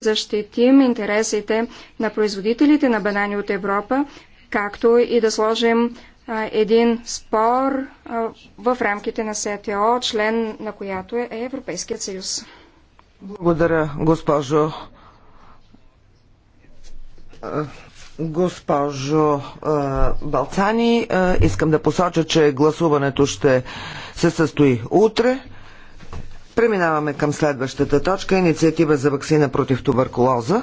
защитим интересите на производителите на банани от Европа, както и да сложим един спор в рамките на СТО, член на която е Европейският съюз. Благодаря, госпожо. Госпожо Балцани, искам да посоча, че гласуването ще се състои утре. Преминаваме към следващата точка. Инициатива за вакцина против туберкулоза.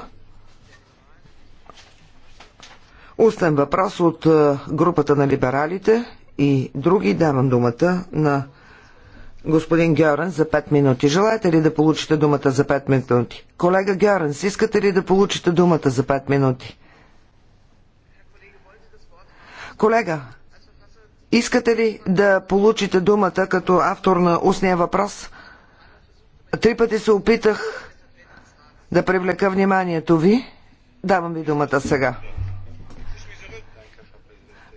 Устен въпрос от е, групата на либералите и други. Давам думата на господин Георен за 5 минути. Желаете ли да получите думата за 5 минути? Колега Гьорен, искате ли да получите думата за 5 минути? Колега, искате ли да получите думата като автор на устния въпрос? Три пъти се опитах да привлека вниманието ви. Давам ви думата сега.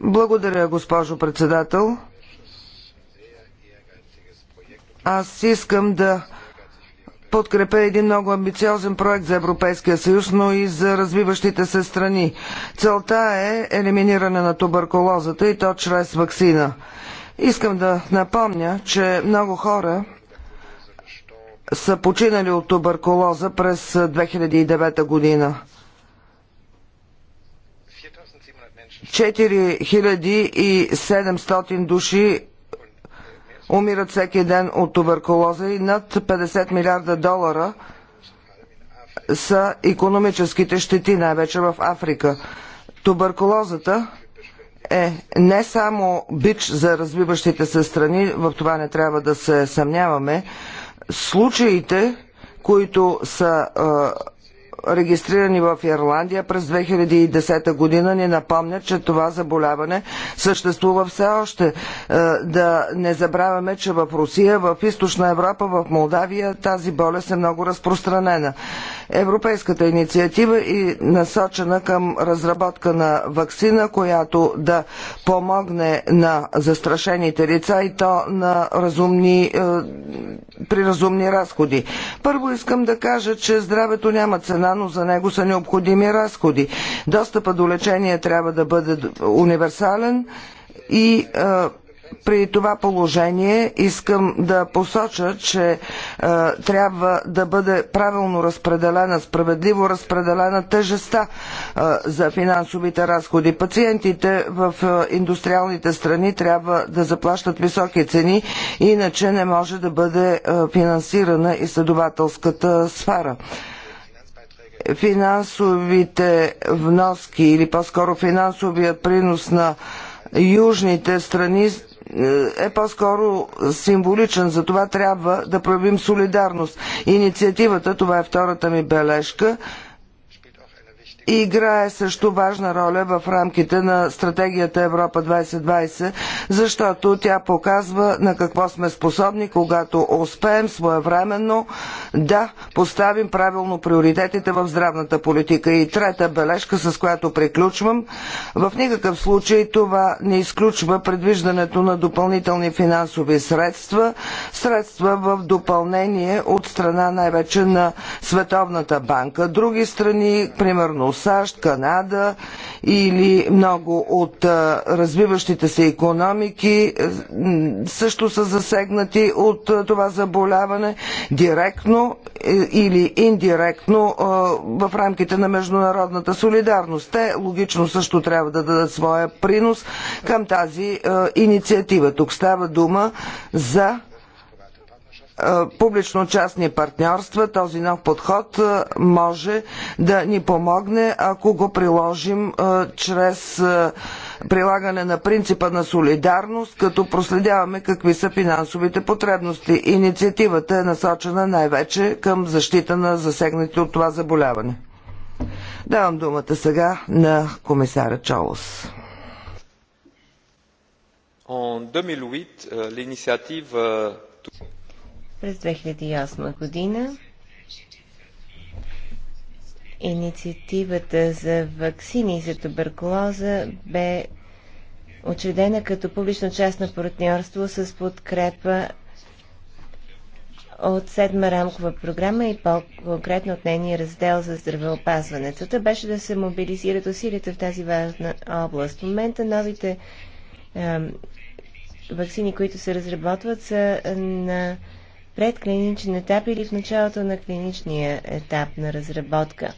Благодаря, госпожо председател. Аз искам да подкрепя един много амбициозен проект за Европейския съюз, но и за развиващите се страни. Целта е елиминиране на туберкулозата и то чрез вакцина. Искам да напомня, че много хора са починали от туберкулоза през 2009 година. 4700 души умират всеки ден от туберкулоза и над 50 милиарда долара са економическите щети, най-вече в Африка. Туберкулозата е не само бич за развиващите се страни, в това не трябва да се съмняваме, случаите, които са регистрирани в Ирландия през 2010 година ни напомнят, че това заболяване съществува все още. Да не забравяме, че в Русия, в Източна Европа, в Молдавия тази болест е много разпространена. Европейската инициатива е насочена към разработка на вакцина, която да помогне на застрашените лица и то на разумни, е, при разумни разходи. Първо искам да кажа, че здравето няма цена, но за него са необходими разходи. Достъпа до лечение трябва да бъде универсален и е, при това положение искам да посоча, че е, трябва да бъде правилно разпределена, справедливо разпределена тежестта е, за финансовите разходи. Пациентите в е, индустриалните страни трябва да заплащат високи цени, иначе не може да бъде е, финансирана изследователската сфера финансовите вноски или по-скоро финансовия принос на южните страни е, е по-скоро символичен, за това трябва да проявим солидарност. Инициативата, това е втората ми бележка, играе също важна роля в рамките на стратегията Европа 2020, защото тя показва на какво сме способни, когато успеем своевременно да поставим правилно приоритетите в здравната политика. И трета бележка, с която приключвам, в никакъв случай това не изключва предвиждането на допълнителни финансови средства, средства в допълнение от страна най-вече на Световната банка. Други страни, примерно САЩ, Канада или много от развиващите се економики е, също са засегнати от това заболяване директно е, или индиректно в рамките на международната солидарност. Те логично също трябва да дадат своя принос към тази инициатива. Тук става дума за публично-частни партньорства. Този нов подход може да ни помогне, ако го приложим чрез прилагане на принципа на солидарност, като проследяваме какви са финансовите потребности. Инициативата е насочена най-вече към защита на засегнатите от това заболяване. Давам думата сега на комисаря Чолос. En 2008, euh, l'initiative euh, през 2008 година инициативата за вакцини за туберкулоза бе учредена като публично-частно партньорство с подкрепа от седма рамкова програма и по-конкретно от нейния раздел за здравеопазване. Целта беше да се мобилизират усилията в тази важна област. В момента новите е, вакцини, които се разработват, са на предклиничен етап или в началото на клиничния етап на разработка.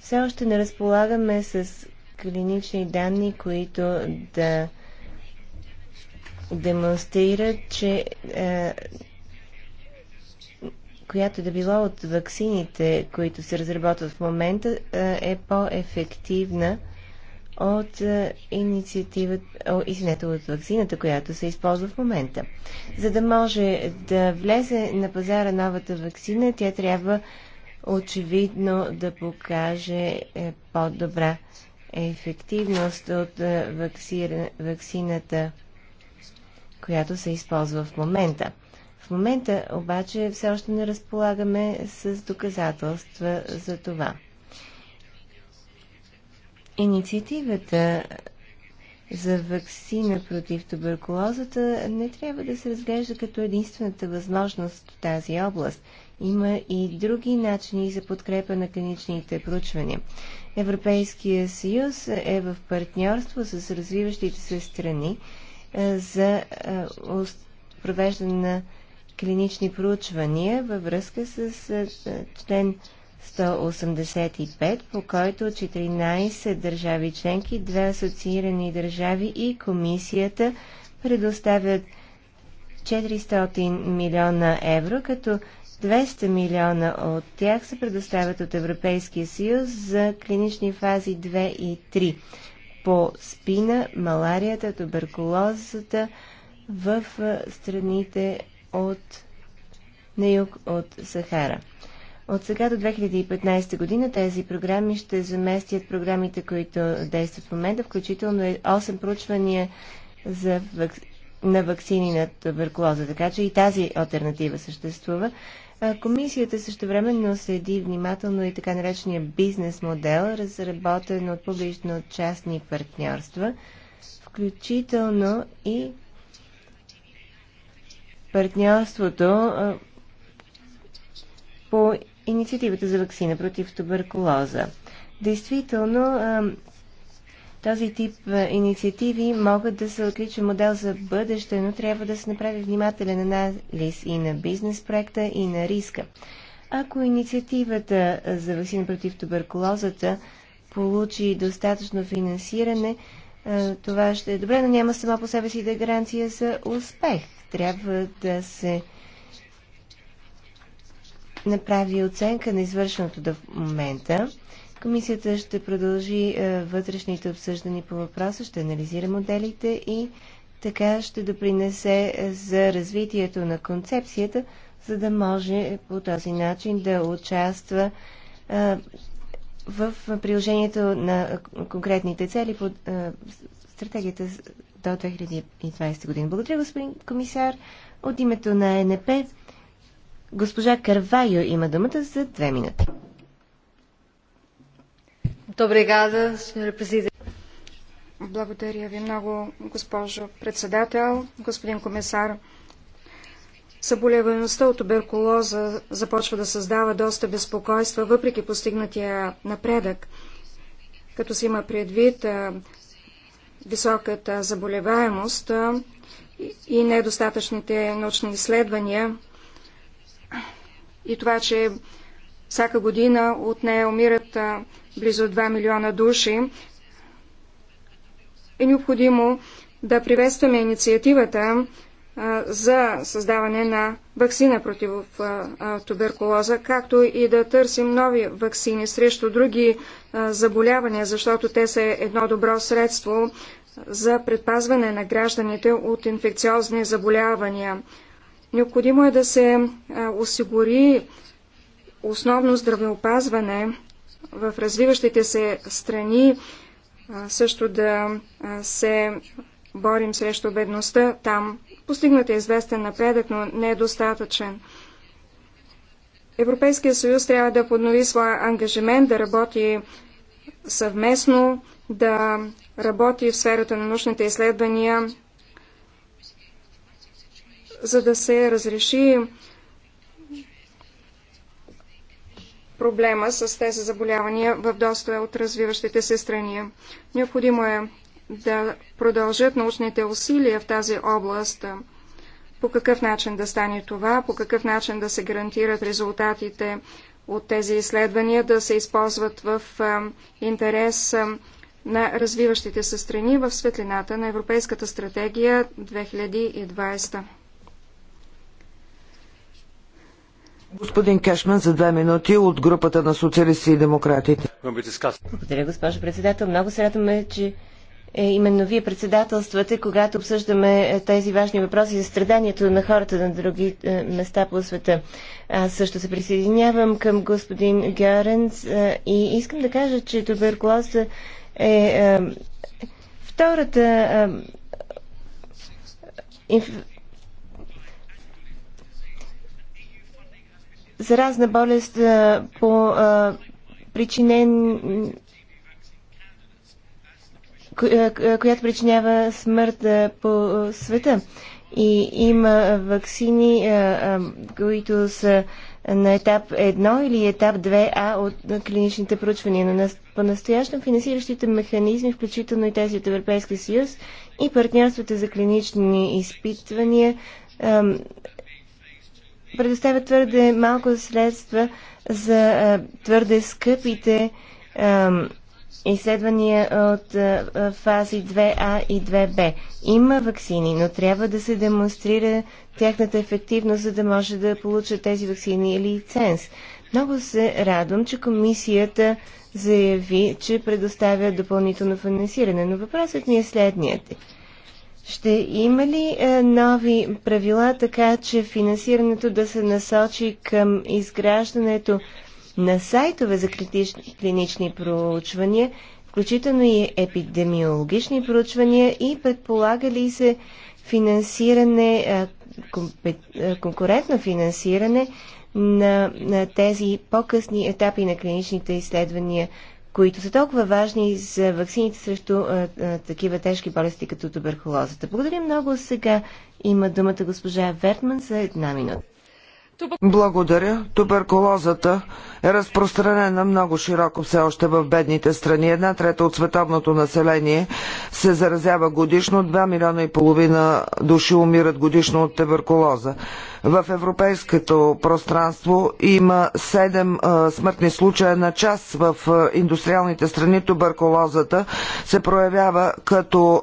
Все още не разполагаме с клинични данни, които да демонстрират, че е, която да било от ваксините, които се разработват в момента, е, е по-ефективна от е, инициативата, извинете, от вакцината, която се използва в момента. За да може да влезе на пазара новата вакцина, тя трябва очевидно да покаже е, по-добра ефективност от е, вакцината, която се използва в момента. В момента обаче все още не разполагаме с доказателства за това. Инициативата за вакцина против туберкулозата не трябва да се разглежда като единствената възможност в тази област. Има и други начини за подкрепа на клиничните проучвания. Европейския съюз е в партньорство с развиващите се страни за провеждане на клинични проучвания във връзка с член 185, по който 14 държави членки, две асоциирани държави и комисията предоставят 400 милиона евро, като 200 милиона от тях се предоставят от Европейския съюз за клинични фази 2 и 3 по спина, маларията, туберкулозата в страните от на юг от Сахара. От сега до 2015 година тези програми ще заместят програмите, които действат в момента, включително 8 проучвания за вак... на вакцини на туберкулоза, така че и тази альтернатива съществува. Комисията също времено следи внимателно и така наречения бизнес модел, разработен от публично-частни партньорства, включително и партньорството по инициативата за вакцина против туберкулоза. Действително, този тип инициативи могат да се отличен модел за бъдеще, но трябва да се направи внимателен анализ и на бизнес проекта, и на риска. Ако инициативата за вакцина против туберкулозата получи достатъчно финансиране, това ще е добре, но няма сама по себе си да е гаранция за успех. Трябва да се направи оценка на извършеното до момента. Комисията ще продължи е, вътрешните обсъждани по въпроса, ще анализира моделите и така ще допринесе е, за развитието на концепцията, за да може по този начин да участва е, в приложението на конкретните цели по стратегията до 2020 година. Благодаря, господин комисар. От името на НП Госпожа Карвайо има думата за две минути. Добре, сеньор президент. Благодаря ви много, госпожо председател, господин комисар. Съболеваемостта от туберкулоза започва да създава доста безпокойства, въпреки постигнатия напредък. Като се има предвид високата заболеваемост и недостатъчните научни изследвания, и това, че всяка година от нея умират близо 2 милиона души, е необходимо да приветстваме инициативата за създаване на вакцина против туберкулоза, както и да търсим нови вакцини срещу други заболявания, защото те са едно добро средство за предпазване на гражданите от инфекциозни заболявания. Необходимо е да се осигури основно здравеопазване в развиващите се страни, също да се борим срещу бедността там. Постигнат е известен напредък, но не е достатъчен. Европейския съюз трябва да поднови своя ангажимент, да работи съвместно, да работи в сферата на научните изследвания, за да се разреши проблема с тези заболявания в доста от развиващите се страни. Необходимо е да продължат научните усилия в тази област. По какъв начин да стане това, по какъв начин да се гарантират резултатите от тези изследвания, да се използват в интерес на развиващите се страни в светлината на Европейската стратегия 2020. Господин Кешман за две минути от групата на социалисти и демократите. Благодаря, госпожо председател. Много се радваме, че е, именно вие председателствате, когато обсъждаме е, тези важни въпроси за страданието на хората на други е, места по света. Аз също се присъединявам към господин Гаренц е, и искам да кажа, че туберкулоза е, е втората е, инф заразна болест по причинен която причинява смърт по света. И има вакцини, които са на етап 1 или етап 2А от клиничните проучвания. Но по-настоящем финансиращите механизми, включително и тези от Европейския съюз и партньорствата за клинични изпитвания, предоставя твърде малко средства за а, твърде скъпите а, изследвания от а, фази 2А и 2Б. Има вакцини, но трябва да се демонстрира тяхната ефективност, за да може да получат тези вакцини или лиценз. Много се радвам, че комисията заяви, че предоставя допълнително финансиране, но въпросът ми е следният ще има ли е, нови правила, така че финансирането да се насочи към изграждането на сайтове за критични клинични проучвания, включително и епидемиологични проучвания и предполага ли се финансиране, е, е, конкурентно финансиране на, на тези по-късни етапи на клиничните изследвания които са толкова важни за вакцините срещу а, а, такива тежки болести като туберкулозата. Благодаря много. Сега има думата госпожа Вертман за една минута. Благодаря. Туберкулозата е разпространена много широко все още в бедните страни. Една трета от световното население се заразява годишно, 2 милиона и половина души умират годишно от туберкулоза. В европейското пространство има 7 смъртни случая на час в индустриалните страни. Туберкулозата се проявява като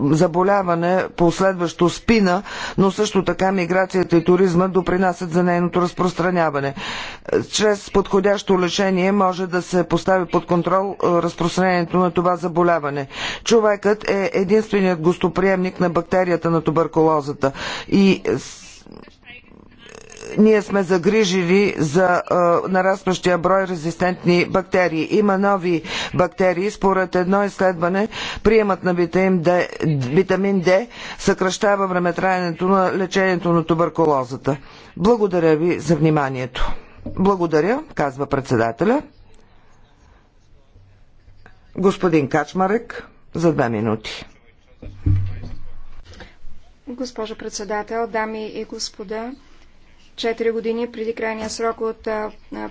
заболяване, последващо спина, но също така миграцията и туризма допринасят за нейното разпространяване. Чрез подходящо лечение може да се постави под контрол разпространението на това заболяване. Човекът е единственият гостоприемник на бактерията на туберкулозата и ние сме загрижили за а, нарастващия брой резистентни бактерии. Има нови бактерии. Според едно изследване, приемат на витамин Д, витамин Д съкръщава времетраенето на лечението на туберкулозата. Благодаря ви за вниманието. Благодаря, казва председателя. Господин Качмарек, за две минути. Госпожо председател, дами и господа, 4 години преди крайния срок от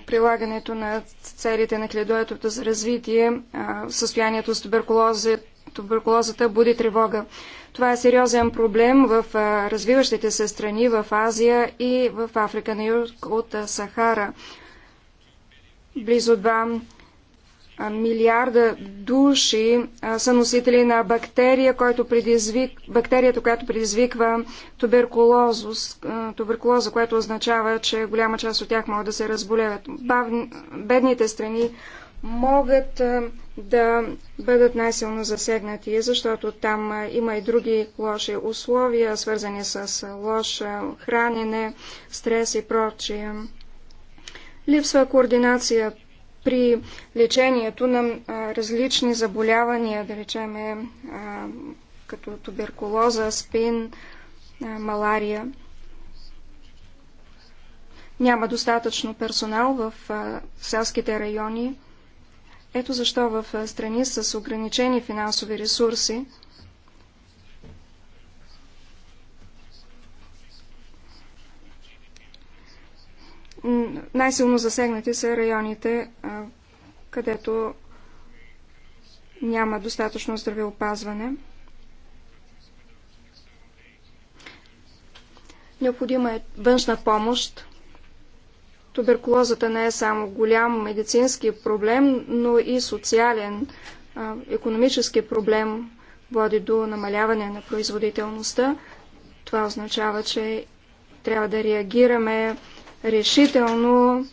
прилагането на целите на хилядоетото за развитие, състоянието с туберкулоза, туберкулозата буди тревога. Това е сериозен проблем в развиващите се страни, в Азия и в Африка на юг от Сахара. Близо 2 милиарда души са носители на бактерия, която предизвик, бактерията, която предизвиква туберкулозус, туберкулоза, което означава, че голяма част от тях могат да се разболеят. Бав... Бедните страни могат да бъдат най-силно засегнати, защото там има и други лоши условия, свързани с лошо хранене, стрес и прочие. Липсва координация при лечението на различни заболявания, да речем, като туберкулоза, спин, малария. Няма достатъчно персонал в селските райони. Ето защо в страни с ограничени финансови ресурси най-силно засегнати са районите, където няма достатъчно здравеопазване. Необходима е външна помощ. Туберкулозата не е само голям медицински проблем, но и социален, економически проблем води до намаляване на производителността. Това означава, че трябва да реагираме решително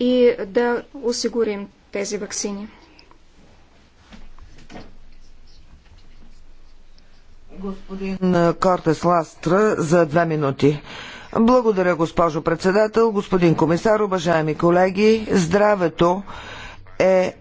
и да осигурим тези вакцини. Господин Кортес Ластра за две минути. Благодаря, госпожо председател, господин комисар, уважаеми колеги. Здравето е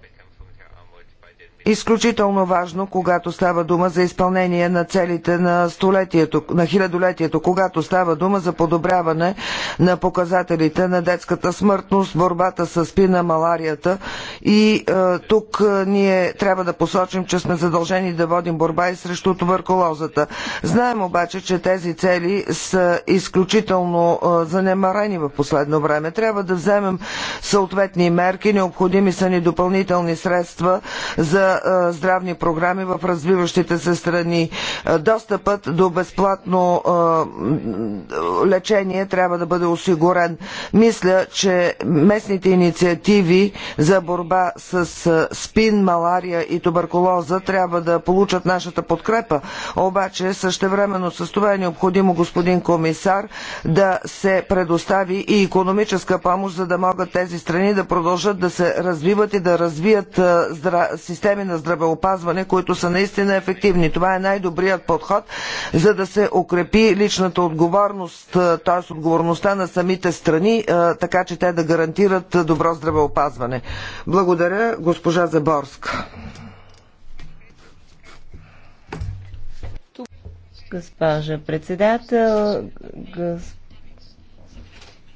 изключително важно, когато става дума за изпълнение на целите на столетието, на хилядолетието, когато става дума за подобряване на показателите на детската смъртност, борбата с спина, маларията. И е, тук е, ние трябва да посочим, че сме задължени да водим борба и срещу туберкулозата. Знаем обаче, че тези цели са изключително е, занемарени в последно време. Трябва да вземем съответни мерки, необходими са ни допълнителни средства за здравни програми в развиващите се страни. Достъпът до безплатно лечение трябва да бъде осигурен. Мисля, че местните инициативи за борба с спин, малария и туберкулоза трябва да получат нашата подкрепа. Обаче същевременно с това е необходимо, господин комисар, да се предостави и економическа помощ, за да могат тези страни да продължат да се развиват и да развият здра... системи на здравеопазване, които са наистина ефективни. Това е най-добрият подход, за да се укрепи личната отговорност, т.е. отговорността на самите страни, така че те да гарантират добро здравеопазване. Благодаря, госпожа Заборска. Госпожа председател,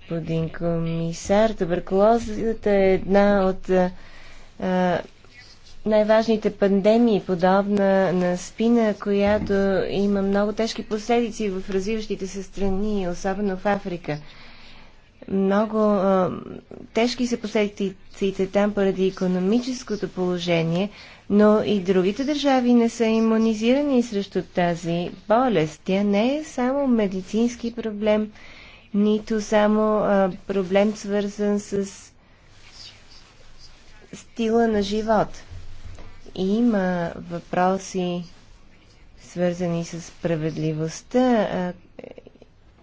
господин комисар, туберкулозата е една от а, най-важните пандемии, подобна на спина, която има много тежки последици в развиващите се страни, особено в Африка. Много а, тежки са последиците там поради економическото положение, но и другите държави не са иммунизирани срещу тази болест. Тя не е само медицински проблем, нито само а, проблем свързан с стила на живот. Има въпроси, свързани с справедливостта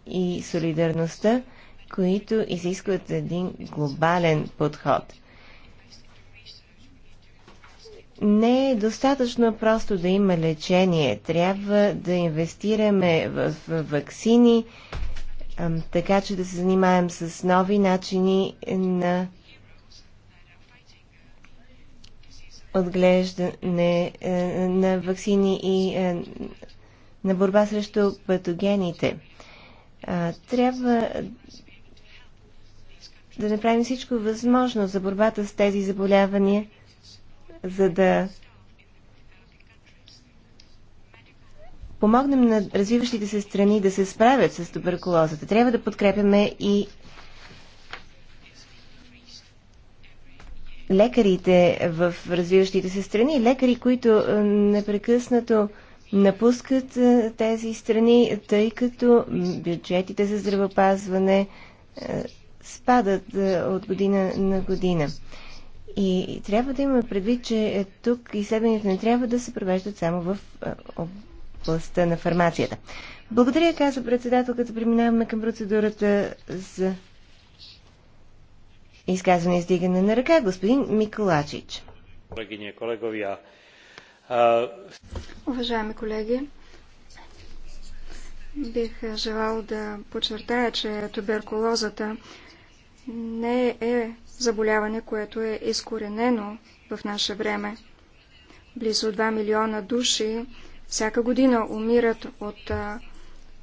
и солидарността, които изискват един глобален подход. Не е достатъчно просто да има лечение. Трябва да инвестираме в, вакцини, така че да се занимаем с нови начини на отглеждане е, на вакцини и е, на борба срещу патогените. Трябва да направим всичко възможно за борбата с тези заболявания, за да помогнем на развиващите се страни да се справят с туберкулозата. Трябва да подкрепяме и лекарите в развиващите се страни, лекари, които е, непрекъснато напускат е, тези страни, тъй като бюджетите за здравопазване е, спадат от година на година. И трябва да имаме предвид, че тук изследванията не трябва да се провеждат само в областта на фармацията. Благодаря, каза председателката. Преминаваме към процедурата за Изказване издигане на ръка. Господин Миколачич. Уважаеми колеги, бих желал да подчертая, че туберкулозата не е заболяване, което е изкоренено в наше време. Близо 2 милиона души всяка година умират от а,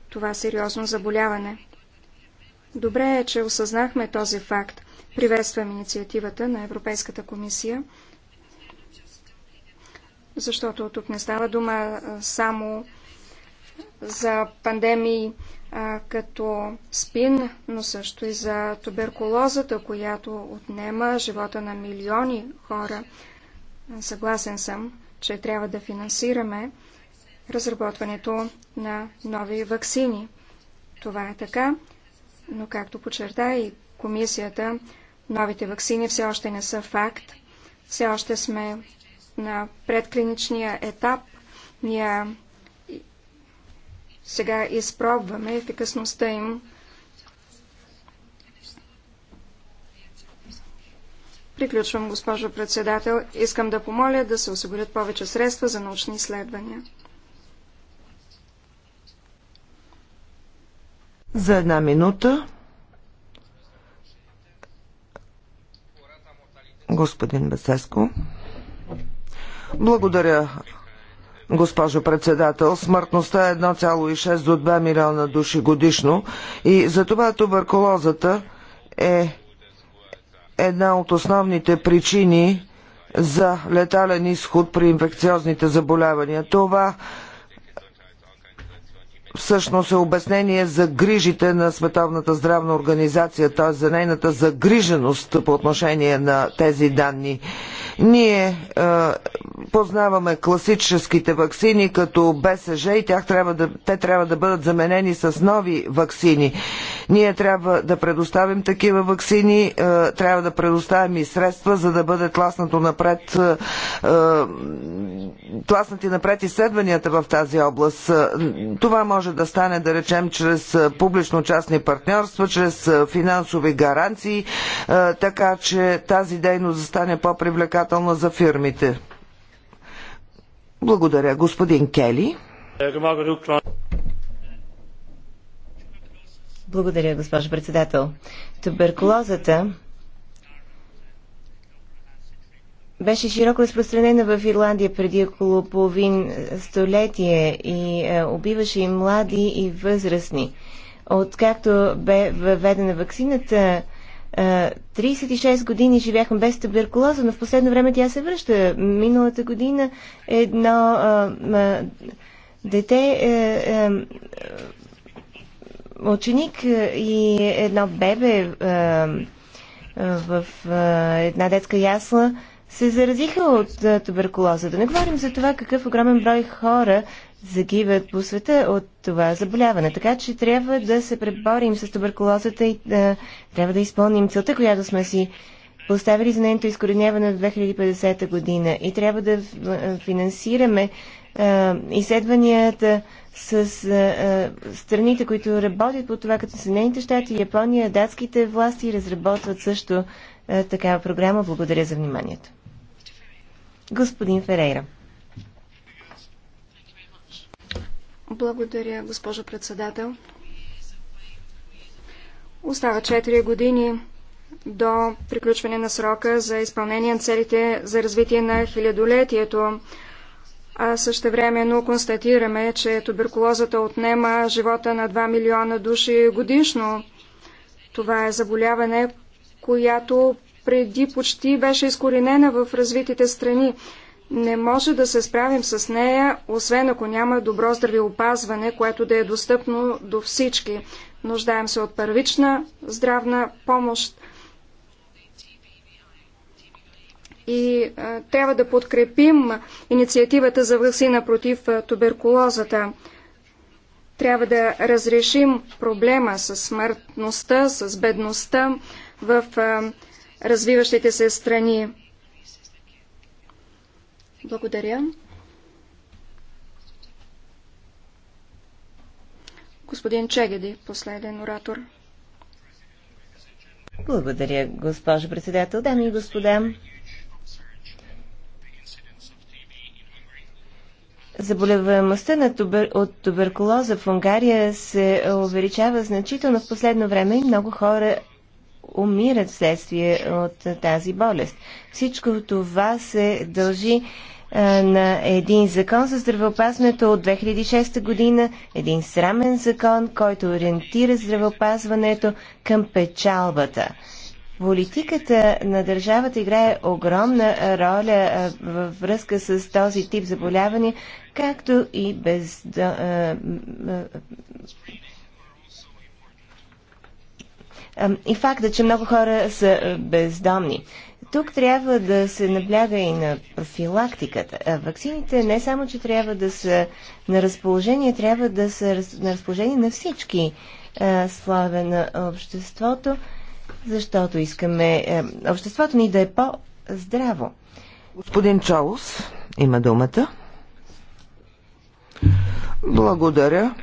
това сериозно заболяване. Добре е, че осъзнахме този факт. Приветствам инициативата на Европейската комисия, защото тук не става дума само за пандемии а, като спин, но също и за туберкулозата, която отнема живота на милиони хора. Съгласен съм, че трябва да финансираме разработването на нови вакцини. Това е така, но както подчерта и комисията, Новите вакцини все още не са факт. Все още сме на предклиничния етап. Ние сега изпробваме ефикасността им. Приключвам, госпожо председател. Искам да помоля да се осигурят повече средства за научни изследвания. За една минута Господин Бесеско. Благодаря, Госпожо председател, смъртността е 1,6 до 2 милиона души годишно и затова туберкулозата е една от основните причини за летален изход при инфекциозните заболявания. Това всъщност е обяснение за грижите на Световната здравна организация, т.е. за нейната загриженост по отношение на тези данни. Ние е, познаваме класическите ваксини като БСЖ и тях трябва да, те трябва да бъдат заменени с нови ваксини. Ние трябва да предоставим такива вакцини, е, трябва да предоставим и средства, за да бъде тласнато напред, е, е, тласнати напред изследванията в тази област. Това може да стане, да речем, чрез публично-частни партньорства, чрез финансови гаранции, така че тази дейност да стане по-привлекателна за фирмите. Благодаря, господин Кели. Благодаря, госпожо председател. Туберкулозата беше широко разпространена в Ирландия преди около половин столетие и е, убиваше и млади и възрастни. Откакто бе въведена вакцината, 36 е, години живяхме без туберкулоза, но в последно време тя се връща. Миналата година едно е, дете ученик е, и едно бебе е, в е, една детска ясла се заразиха от туберкулоза. Да не говорим за това какъв огромен брой хора загиват по света от това заболяване. Така че трябва да се преборим с туберкулозата и да, трябва да изпълним целта, която сме си поставили за нейното изкореняване в 2050 година. И трябва да финансираме изследванията с а, е, а, е, страните, които работят по това, като Съединените щати, Япония, датските власти разработват също а, е, такава програма. Благодаря за вниманието. Господин Ферейра. Благодаря, госпожо председател. Остава 4 години до приключване на срока за изпълнение на целите за развитие на хилядолетието а същевременно констатираме, че туберкулозата отнема живота на 2 милиона души годишно. Това е заболяване, която преди почти беше изкоренена в развитите страни. Не може да се справим с нея, освен ако няма добро здравеопазване, което да е достъпно до всички. Нуждаем се от първична здравна помощ, и а, трябва да подкрепим инициативата за вакцина против туберкулозата. Трябва да разрешим проблема с смъртността, с бедността в а, развиващите се страни. Благодаря. Господин Чегеди, последен оратор. Благодаря, госпожо председател. Дами и господа, Заболеваемостта на тубер... от туберкулоза в Унгария се увеличава значително в последно време и много хора умират вследствие от тази болест. Всичко това се дължи на един закон за здравеопазването от 2006 година, един срамен закон, който ориентира здравеопазването към печалбата. Политиката на държавата играе огромна роля във връзка с този тип заболяване, както и без... И факта, че много хора са бездомни. Тук трябва да се набляга и на профилактиката. Ваксините не само, че трябва да са на разположение, трябва да са на разположение на всички слове на обществото защото искаме е, обществото ни да е по-здраво. Господин Чолос има думата. Благодаря.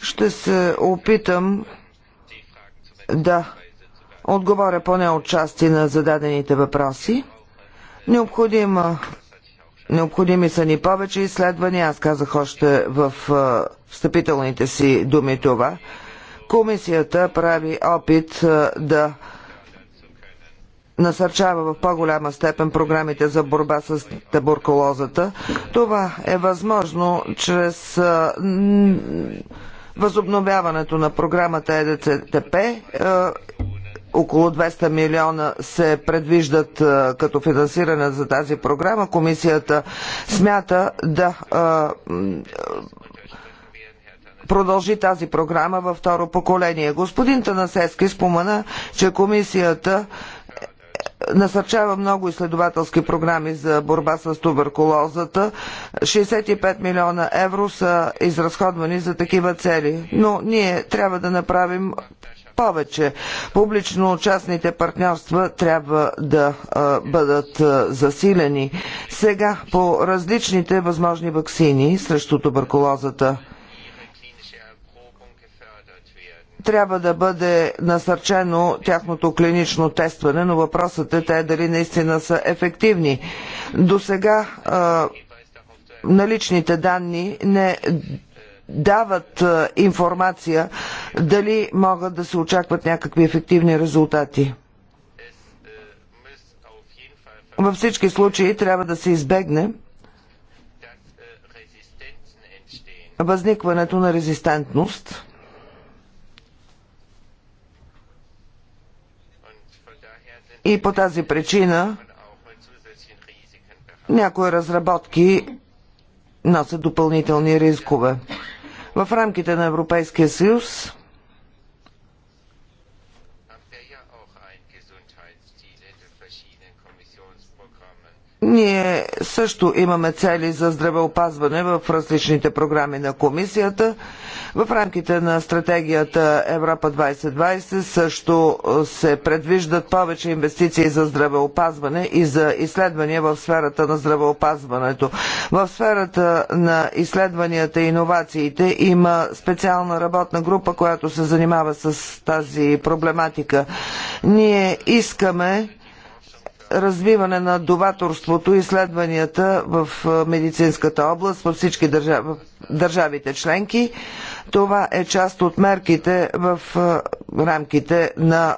Ще се опитам да отговоря поне от части на зададените въпроси. Необходима Необходими са ни повече изследвания, аз казах още в е, встъпителните си думи това. Комисията прави опит е, да насърчава в по-голяма степен програмите за борба с туберкулозата. Това е възможно чрез е, възобновяването на програмата ЕДЦТП е, около 200 милиона се предвиждат като финансиране за тази програма. Комисията смята да продължи тази програма във второ поколение. Господин Танасески спомена, че комисията насърчава много изследователски програми за борба с туберкулозата. 65 милиона евро са изразходвани за такива цели, но ние трябва да направим повече. Публично-частните партньорства трябва да а, бъдат а, засилени. Сега по различните възможни вакцини срещу туберкулозата – трябва да бъде насърчено тяхното клинично тестване, но въпросът е те дали наистина са ефективни. До сега наличните данни не дават информация дали могат да се очакват някакви ефективни резултати. Във всички случаи трябва да се избегне възникването на резистентност И по тази причина някои разработки носят допълнителни рискове. В рамките на Европейския съюз Ние също имаме цели за здравеопазване в различните програми на комисията. В рамките на стратегията Европа 2020 също се предвиждат повече инвестиции за здравеопазване и за изследвания в сферата на здравеопазването. В сферата на изследванията и иновациите има специална работна група, която се занимава с тази проблематика. Ние искаме развиване на доваторството и изследванията в медицинската област във всички държави, държавите членки. Това е част от мерките в рамките на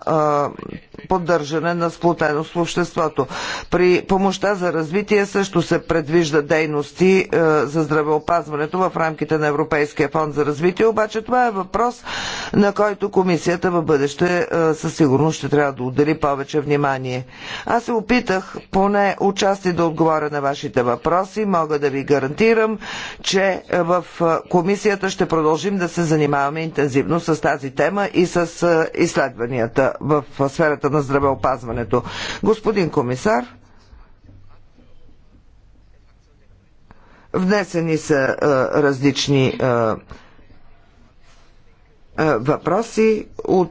поддържане на сплотеност в обществото. При помощта за развитие също се предвижда дейности е, за здравеопазването в рамките на Европейския фонд за развитие, обаче това е въпрос, на който комисията в бъдеще е, със сигурност ще трябва да отдели повече внимание. Аз се опитах поне участие да отговоря на вашите въпроси. Мога да ви гарантирам, че е, в комисията ще продължим да се занимаваме интензивно с тази тема и с изследванията в сферата системата на здравеопазването. Господин комисар, внесени са е, различни е, е, въпроси от